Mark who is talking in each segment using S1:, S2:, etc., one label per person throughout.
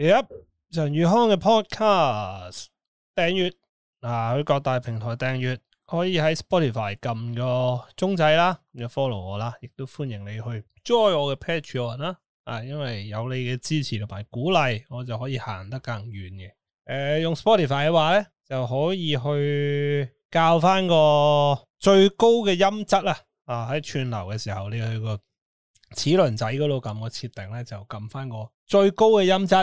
S1: 而陳宇康嘅 podcast 訂閱，嗱、啊、去各大平台訂閱，可以喺 Spotify 撳個鐘仔啦，follow 我啦，亦都歡迎你去 join 我嘅 patreon 啦，啊，因為有你嘅支持同埋鼓勵，我就可以行得更遠嘅。誒、啊，用 Spotify 嘅話咧，就可以去校翻個最高嘅音質啦。啊，喺串流嘅時候，你去個齒輪仔嗰度撳個設定咧，就撳翻個。最高嘅音質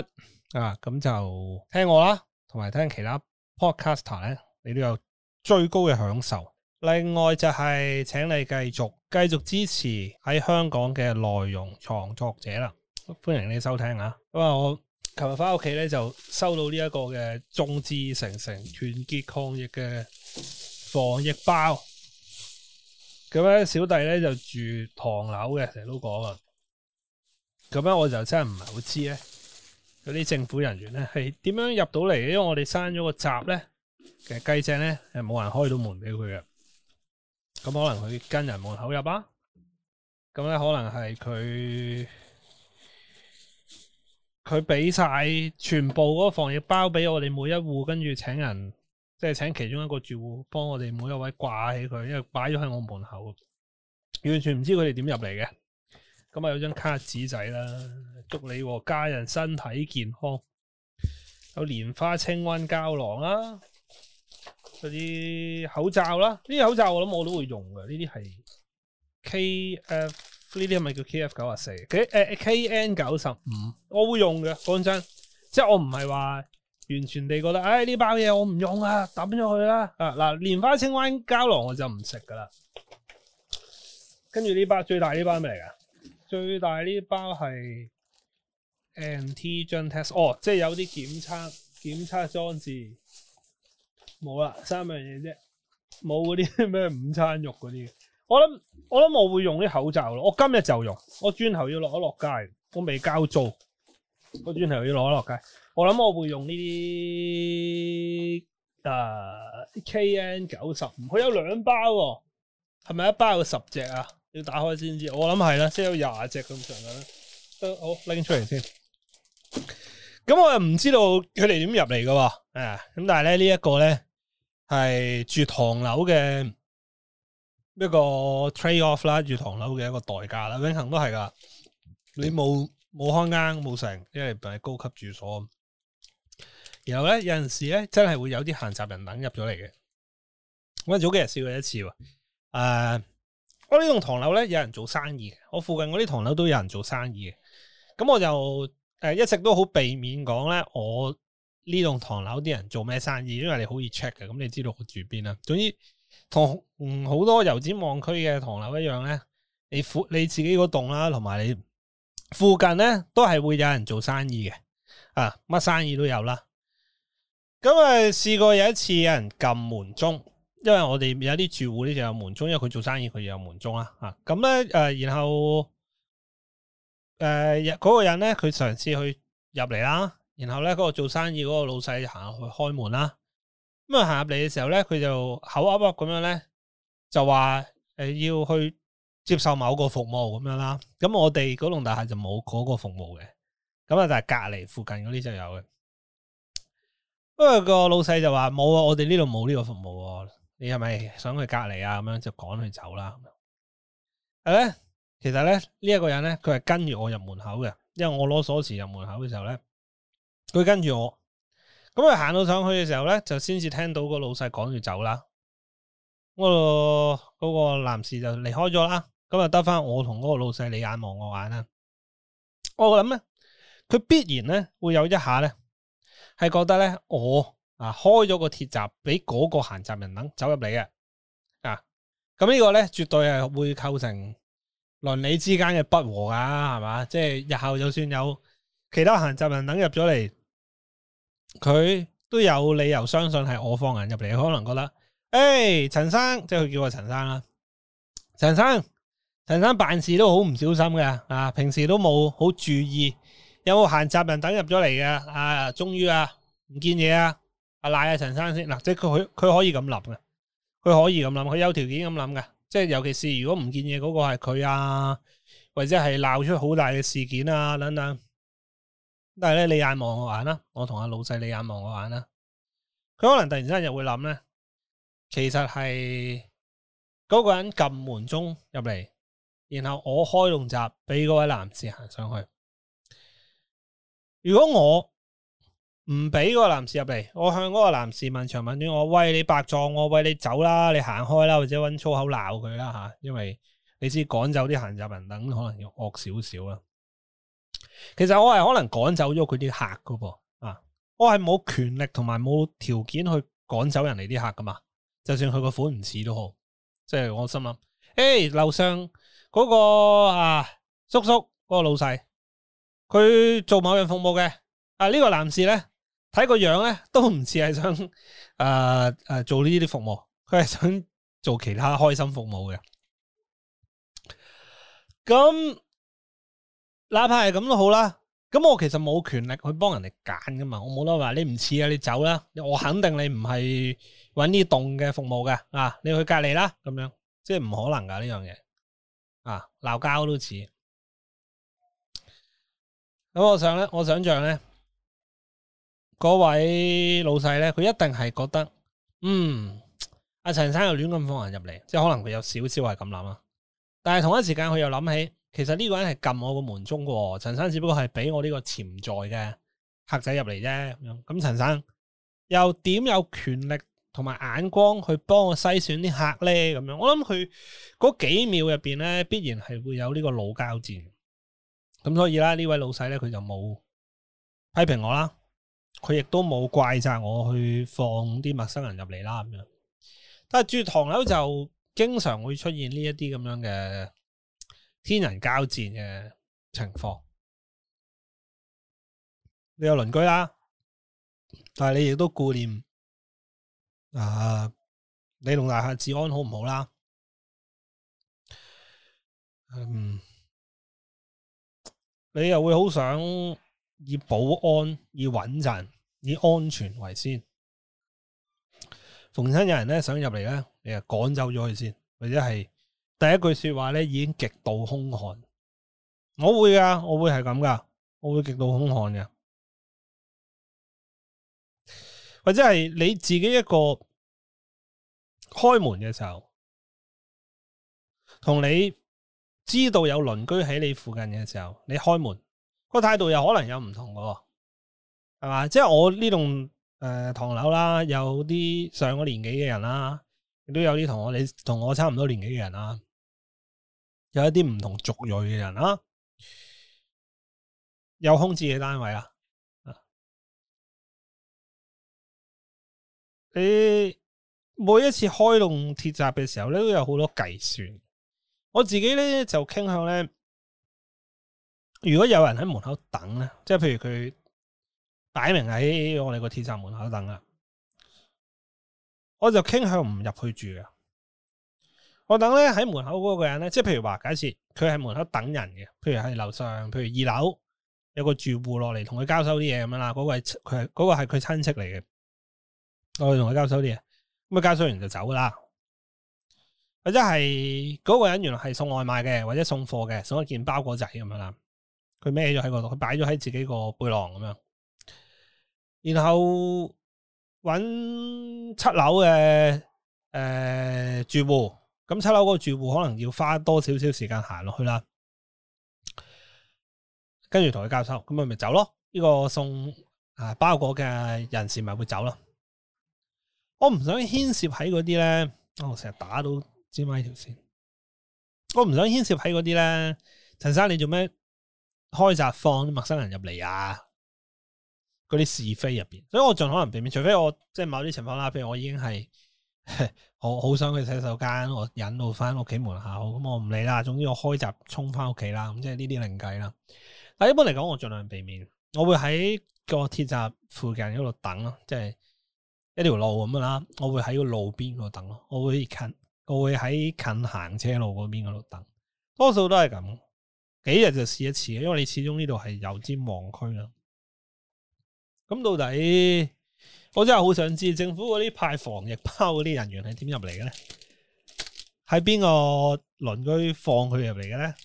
S1: 啊，咁就聽我啦，同埋聽其他 podcaster 咧，你都有最高嘅享受。另外就係請你繼續繼續支持喺香港嘅內容創作者啦，歡迎你收聽啊！咁啊，我琴日翻屋企咧，就收到呢一個嘅眾志成城團結抗疫嘅防疫包。咁咧，小弟咧就住唐樓嘅，成日都講啊。咁樣我就真係唔係好知咧，嗰啲政府人員咧係點樣入到嚟？因為我哋閂咗個閘咧，其實雞精咧係冇人開到門俾佢嘅。咁可能佢跟人門口入啊？咁咧可能係佢佢俾晒全部嗰個防疫包俾我哋每一戶，跟住請人即係、就是、請其中一個住戶幫我哋每一位掛起佢，因為擺咗喺我門口，完全唔知佢哋點入嚟嘅。咁啊，就有張卡紙仔啦，祝你和家人身體健康。有蓮花清瘟膠囊啦，嗰啲口罩啦，呢啲口罩我諗我都會用㗎。呢啲係 K F 呢啲係咪叫 K F 九啊四？誒 K N 九十五，我會用嘅，講真，即係我唔係話完全地覺得，誒、哎、呢包嘢我唔用啊，抌咗佢啦。啊嗱，蓮花清瘟膠囊我就唔食噶啦，跟住呢包最大呢包咩嚟噶？最大呢包係 NT Gen Test, 哦，即係有啲檢測檢測裝置冇啦，三樣嘢啫，冇嗰啲咩午餐肉嗰啲嘅。我諗我諗我會用啲口罩咯，我今日就用，我轉頭要落一落街，我未交租，我轉頭要攞一落街。我諗我會用呢啲誒 KN 九十五，佢、啊、有兩包、啊，係咪一包有十隻啊？要打開先知，我諗係啦，即係有廿隻咁上下啦，好拎出嚟先。咁我又唔知道佢哋點入嚟嘅喎，誒，咁但係咧呢一個咧係住唐樓嘅一個 trade off 啦，住唐樓嘅一個代價啦，永恆都係噶。你冇冇開啱冇成，因為唔係高級住所。然後咧有陣時咧真係會有啲閒雜人等入咗嚟嘅。我早幾日試過一次喎，誒、啊。我呢棟唐樓咧，有人做生意。我附近嗰啲唐樓都有人做生意嘅。咁我就誒，一直都好避免講咧，我呢棟唐樓啲人做咩生意，因為你好易 check 嘅。咁你知道我住邊啦。總之，同好多油尖旺區嘅唐樓一樣咧，你附你自己個棟啦，同埋你附近咧，都係會有人做生意嘅。啊，乜生意都有啦。咁啊，試過有一次有人撳門鐘。因為我哋有啲住戶咧就有門鐘，因為佢做生意佢有門鐘啦，吓，咁咧誒，然後誒嗰、呃嗰個人咧佢嘗試去入嚟啦，然後咧嗰、嗰個做生意嗰個老細行去開門啦，咁啊行入嚟嘅時候咧佢就口噏噏咁樣咧就話誒要去接受某個服務咁樣啦，咁我哋嗰棟大廈就冇嗰個服務嘅，咁啊就係隔籬附近嗰啲就有嘅，不過個老細就話冇啊，我哋呢度冇呢個服務。你係咪想去隔離啊？咁樣就趕佢走啦。誒，其實咧呢一個人咧，佢係跟住我入門口嘅，因為我攞鎖匙入門口嘅時候咧，佢跟住我。咁佢行到上去嘅時候咧，就先至聽到那個老細趕住走啦。嗰、那個個男士就離開咗啦。咁啊得返我同嗰個老細你眼望我眼啦。我諗咧，佢必然咧會有一下咧，係覺得咧我。啊！開咗個鐵閘俾嗰個閒雜人等走入嚟啊！咁呢個咧絕對係會構成鄰里之間嘅不和㗎，係嘛？即係日後就算有其他閒雜人等入咗嚟，佢都有理由相信係我放人入嚟，可能覺得誒、哎，陳生即係佢叫我陳生啦，陳生，陳生辦事都好唔小心嘅啊！平時都冇好注意，有冇閒雜人等入咗嚟嘅？啊，終於啊，唔見嘢啊！阿賴阿陳生先嗱，即係佢佢可以咁諗嘅，佢可以咁諗，佢有條件咁諗嘅。即係尤其是如果唔見嘢嗰個係佢啊，或者係鬧出好大嘅事件啊等等。但係咧，你眼望我眼啦，我同阿老細你眼望我眼啦。佢可能突然間又會諗咧，其實係嗰個人撳門鐘入嚟，然後我開籠閘俾嗰位男士行上去。如果我。唔俾個男士入嚟，我向嗰個男士問長問短，我喂，你白撞我，喂，你走啦，你行開啦，或者揾粗口鬧佢啦吓，因為你知趕走啲閒雜人等，可能要惡少少啦。其實我係可能趕走咗佢啲客噶噃啊，我係冇權力同埋冇條件去趕走人哋啲客噶嘛，就算佢個款唔似都好，即係我心諗，誒樓上嗰個啊叔叔嗰個老細，佢做某樣服務嘅啊，呢個男士咧。睇個樣咧，都唔似係想誒誒、呃、做呢啲服務，佢係想做其他開心服務嘅。咁哪怕係咁都好啦。咁我其實冇權力去幫人哋揀噶嘛，我冇得話你唔似啊，你走啦。我肯定你唔係揾呢棟嘅服務嘅啊，你去隔籬啦咁樣，即係唔可能噶呢樣嘢啊，鬧交都似。咁我想咧，我想象咧。嗰位老細咧，佢一定係覺得，嗯，阿、啊、陳生又亂咁放人入嚟，即係可能佢有少少係咁諗啊。但係同一時間，佢又諗起，其實呢個人係撳我個門鐘嘅，陳生只不過係俾我呢個潛在嘅客仔入嚟啫。咁樣，咁陳生又點有權力同埋眼光去幫我篩選啲客咧？咁樣，我諗佢嗰幾秒入邊咧，必然係會有呢個老交戰。咁所以啦，呢位老細咧，佢就冇批評我啦。佢亦都冇怪責我去放啲陌生人入嚟啦，咁樣。但係住唐樓就經常會出現呢一啲咁樣嘅天人交戰嘅情況。你有鄰居啦，但係你亦都顧念啊，你同大廈治安好唔好啦？嗯，你又會好想？以保安、以穩陣、以安全為先。逢親有人咧，想入嚟咧，你啊，趕走咗佢先，或者係第一句說話咧已經極度凶悍。我會㗎，我會係咁㗎，我會極度凶悍嘅，或者係你自己一個開門嘅時候，同你知道有鄰居喺你附近嘅時候，你開門。個態度有可能有唔同嘅，係嘛？即係我呢棟誒唐樓啦，有啲上個年紀嘅人啦，亦都有啲同我哋同我差唔多年紀嘅人啦，有一啲唔同族裔嘅人啦，啊啊，有空置嘅單位啊！你每一次開動鐵閘嘅時候呢，咧都有好多計算。我自己咧就傾向咧。如果有人喺門口等咧，即係譬如佢擺明喺我哋個鐵閘門口等啦，我就傾向唔入去住嘅。我等咧喺門口嗰個人咧，即係譬如話假設佢喺門口等人嘅，譬如喺樓上，譬如二樓有個住戶落嚟同佢交收啲嘢咁樣啦，嗰位佢係個係佢親戚嚟嘅，我哋同佢交收啲嘢，咁啊交收完就走啦。或者係嗰個人原來係送外賣嘅，或者送貨嘅，送一件包裹仔咁樣啦。佢孭咗喺嗰度，佢擺咗喺自己個背囊咁樣，然後搵七樓嘅誒、呃、住戶，咁七樓嗰個住戶可能要花多少少時間行落去啦，跟住同佢交收，咁咪咪走咯。呢、呢個送包裹嘅人士咪會走咯。我唔想牽涉喺嗰啲咧，我成日打到尖埋條線，我唔想牽涉喺嗰啲咧。陳生你，你做咩？開閘放啲陌生人入嚟啊！嗰啲是非入邊，所以我盡可能避免。除非我即係某啲情況啦，譬如我已經係我好想去洗手間，我引路翻屋企門口，咁我唔理啦。總之我開閘衝翻屋企啦，咁即係呢啲另計啦。但一般嚟講，我盡量避免。我會喺個鐵閘附近嗰度等咯，即係一條路咁樣啦。我會喺個路邊嗰度等咯，我會近，我會喺近行車路嗰邊嗰度等，多數都係咁。幾日就試一次，因為你始終呢度係有啲盲區啦。咁到底我真係好想知政府嗰啲派防疫包嗰啲人員係點入嚟嘅咧？係邊個鄰居放佢入嚟嘅咧？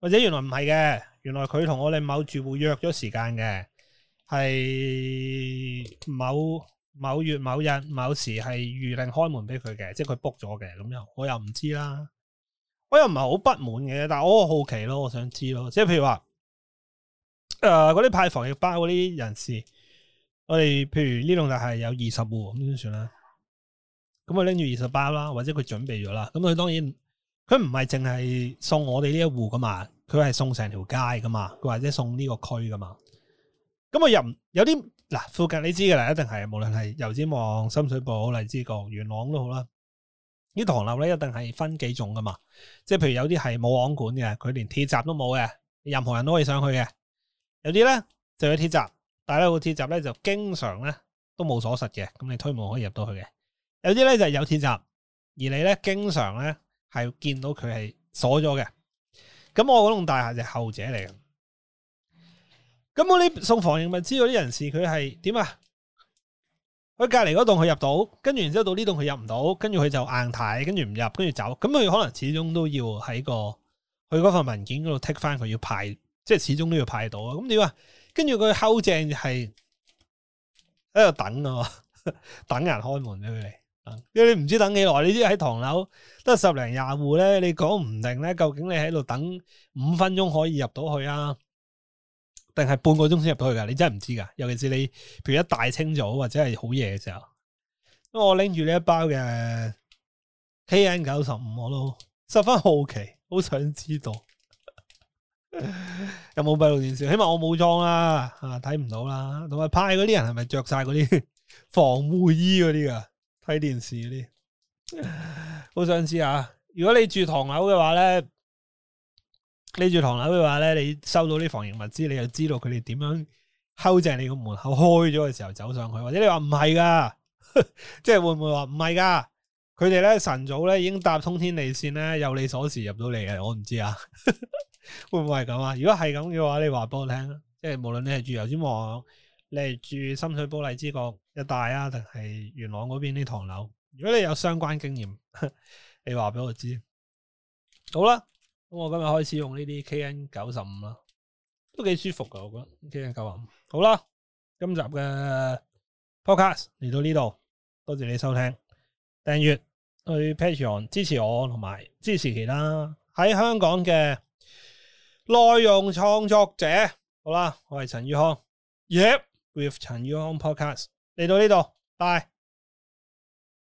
S1: 或者原來唔係嘅，原來佢同我哋某住戶約咗時間嘅，係某某月某日某時係預定開門俾佢嘅，即係佢 book 咗嘅，咁又我又唔知啦。我又唔係好不滿嘅，但係我好好奇咯，我想知咯，即係譬如話，誒嗰啲派防疫包嗰啲人士，我哋譬如呢棟就係有二十戶，咁算啦。咁佢拎住二十包啦，或者佢準備咗啦。咁佢當然，佢唔係淨係送我哋呢一戶噶嘛，佢係送成條街噶嘛，佢或者送呢個區噶嘛。咁我又有啲嗱，附近你知噶啦，一定係無論係油尖旺、深水埗、荔枝角、元朗都好啦。呢唐樓咧一定係分幾種噶嘛，即係譬如有啲係冇網管嘅，佢連鐵閘都冇嘅，任何人都可以上去嘅；有啲咧就有鐵閘，但係咧個鐵閘咧就經常咧都冇鎖實嘅，咁你推門可以入到去嘅；有啲咧就係有鐵閘，而你咧經常咧係見到佢係鎖咗嘅。咁我嗰棟大廈就係後者嚟嘅。咁我呢送防疫物資嗰啲人士佢係點啊？佢隔籬嗰棟佢入到，跟住然之後到呢棟佢入唔到，跟住佢就硬睇，跟住唔入，跟住走。咁佢可能始終都要喺個佢嗰份文件嗰度剔翻，佢要派，即係始終都要派到啊。咁點呀，跟住佢睺正係喺度等啊，等人開門俾佢嚟。因為你唔知等幾耐，你知喺唐樓得十零廿戶咧，你講唔定咧，究竟你喺度等五分鐘可以入到去啊？定係半個鐘先入到去噶，你真係唔知噶。尤其是你，譬如一大清早或者係好夜嘅時候，咁我拎住呢一包嘅 KN 九十五，我都十分好奇，好想知道 有冇閉路電視。起碼我冇裝啦，啊睇唔到啦、啊。同埋派嗰啲人係咪着晒嗰啲防護衣嗰啲噶？睇電視嗰啲，好想知啊！如果你住唐樓嘅話咧。你住唐樓，嘅話咧，你收到啲防疫物資，你就知道佢哋點樣敲正你個門口開咗嘅時候走上去，或者你話唔係噶，即係會唔會話唔係噶？佢哋咧晨早咧已經搭通天地線咧，有你鎖匙入到嚟嘅，我唔知啊。呵呵會唔會係咁啊？如果係咁嘅話，你話俾我聽，即係無論你係住油尖旺，你係住深水埗荔枝角一帶啊，定係元朗嗰邊啲唐樓，如果你有相關經驗，你話俾我知。好啦。我今日開始用呢啲 KN 九十五啦，都幾舒服㗎，我覺得 KN 九十五好啦。今集嘅 podcast 嚟到呢度，多謝你收聽，訂閱去 Patreon 支持我，同埋支持其他喺香港嘅內容創作者。好啦，我係陳宇康，Yep，with 陳宇康 podcast 嚟到呢度，拜。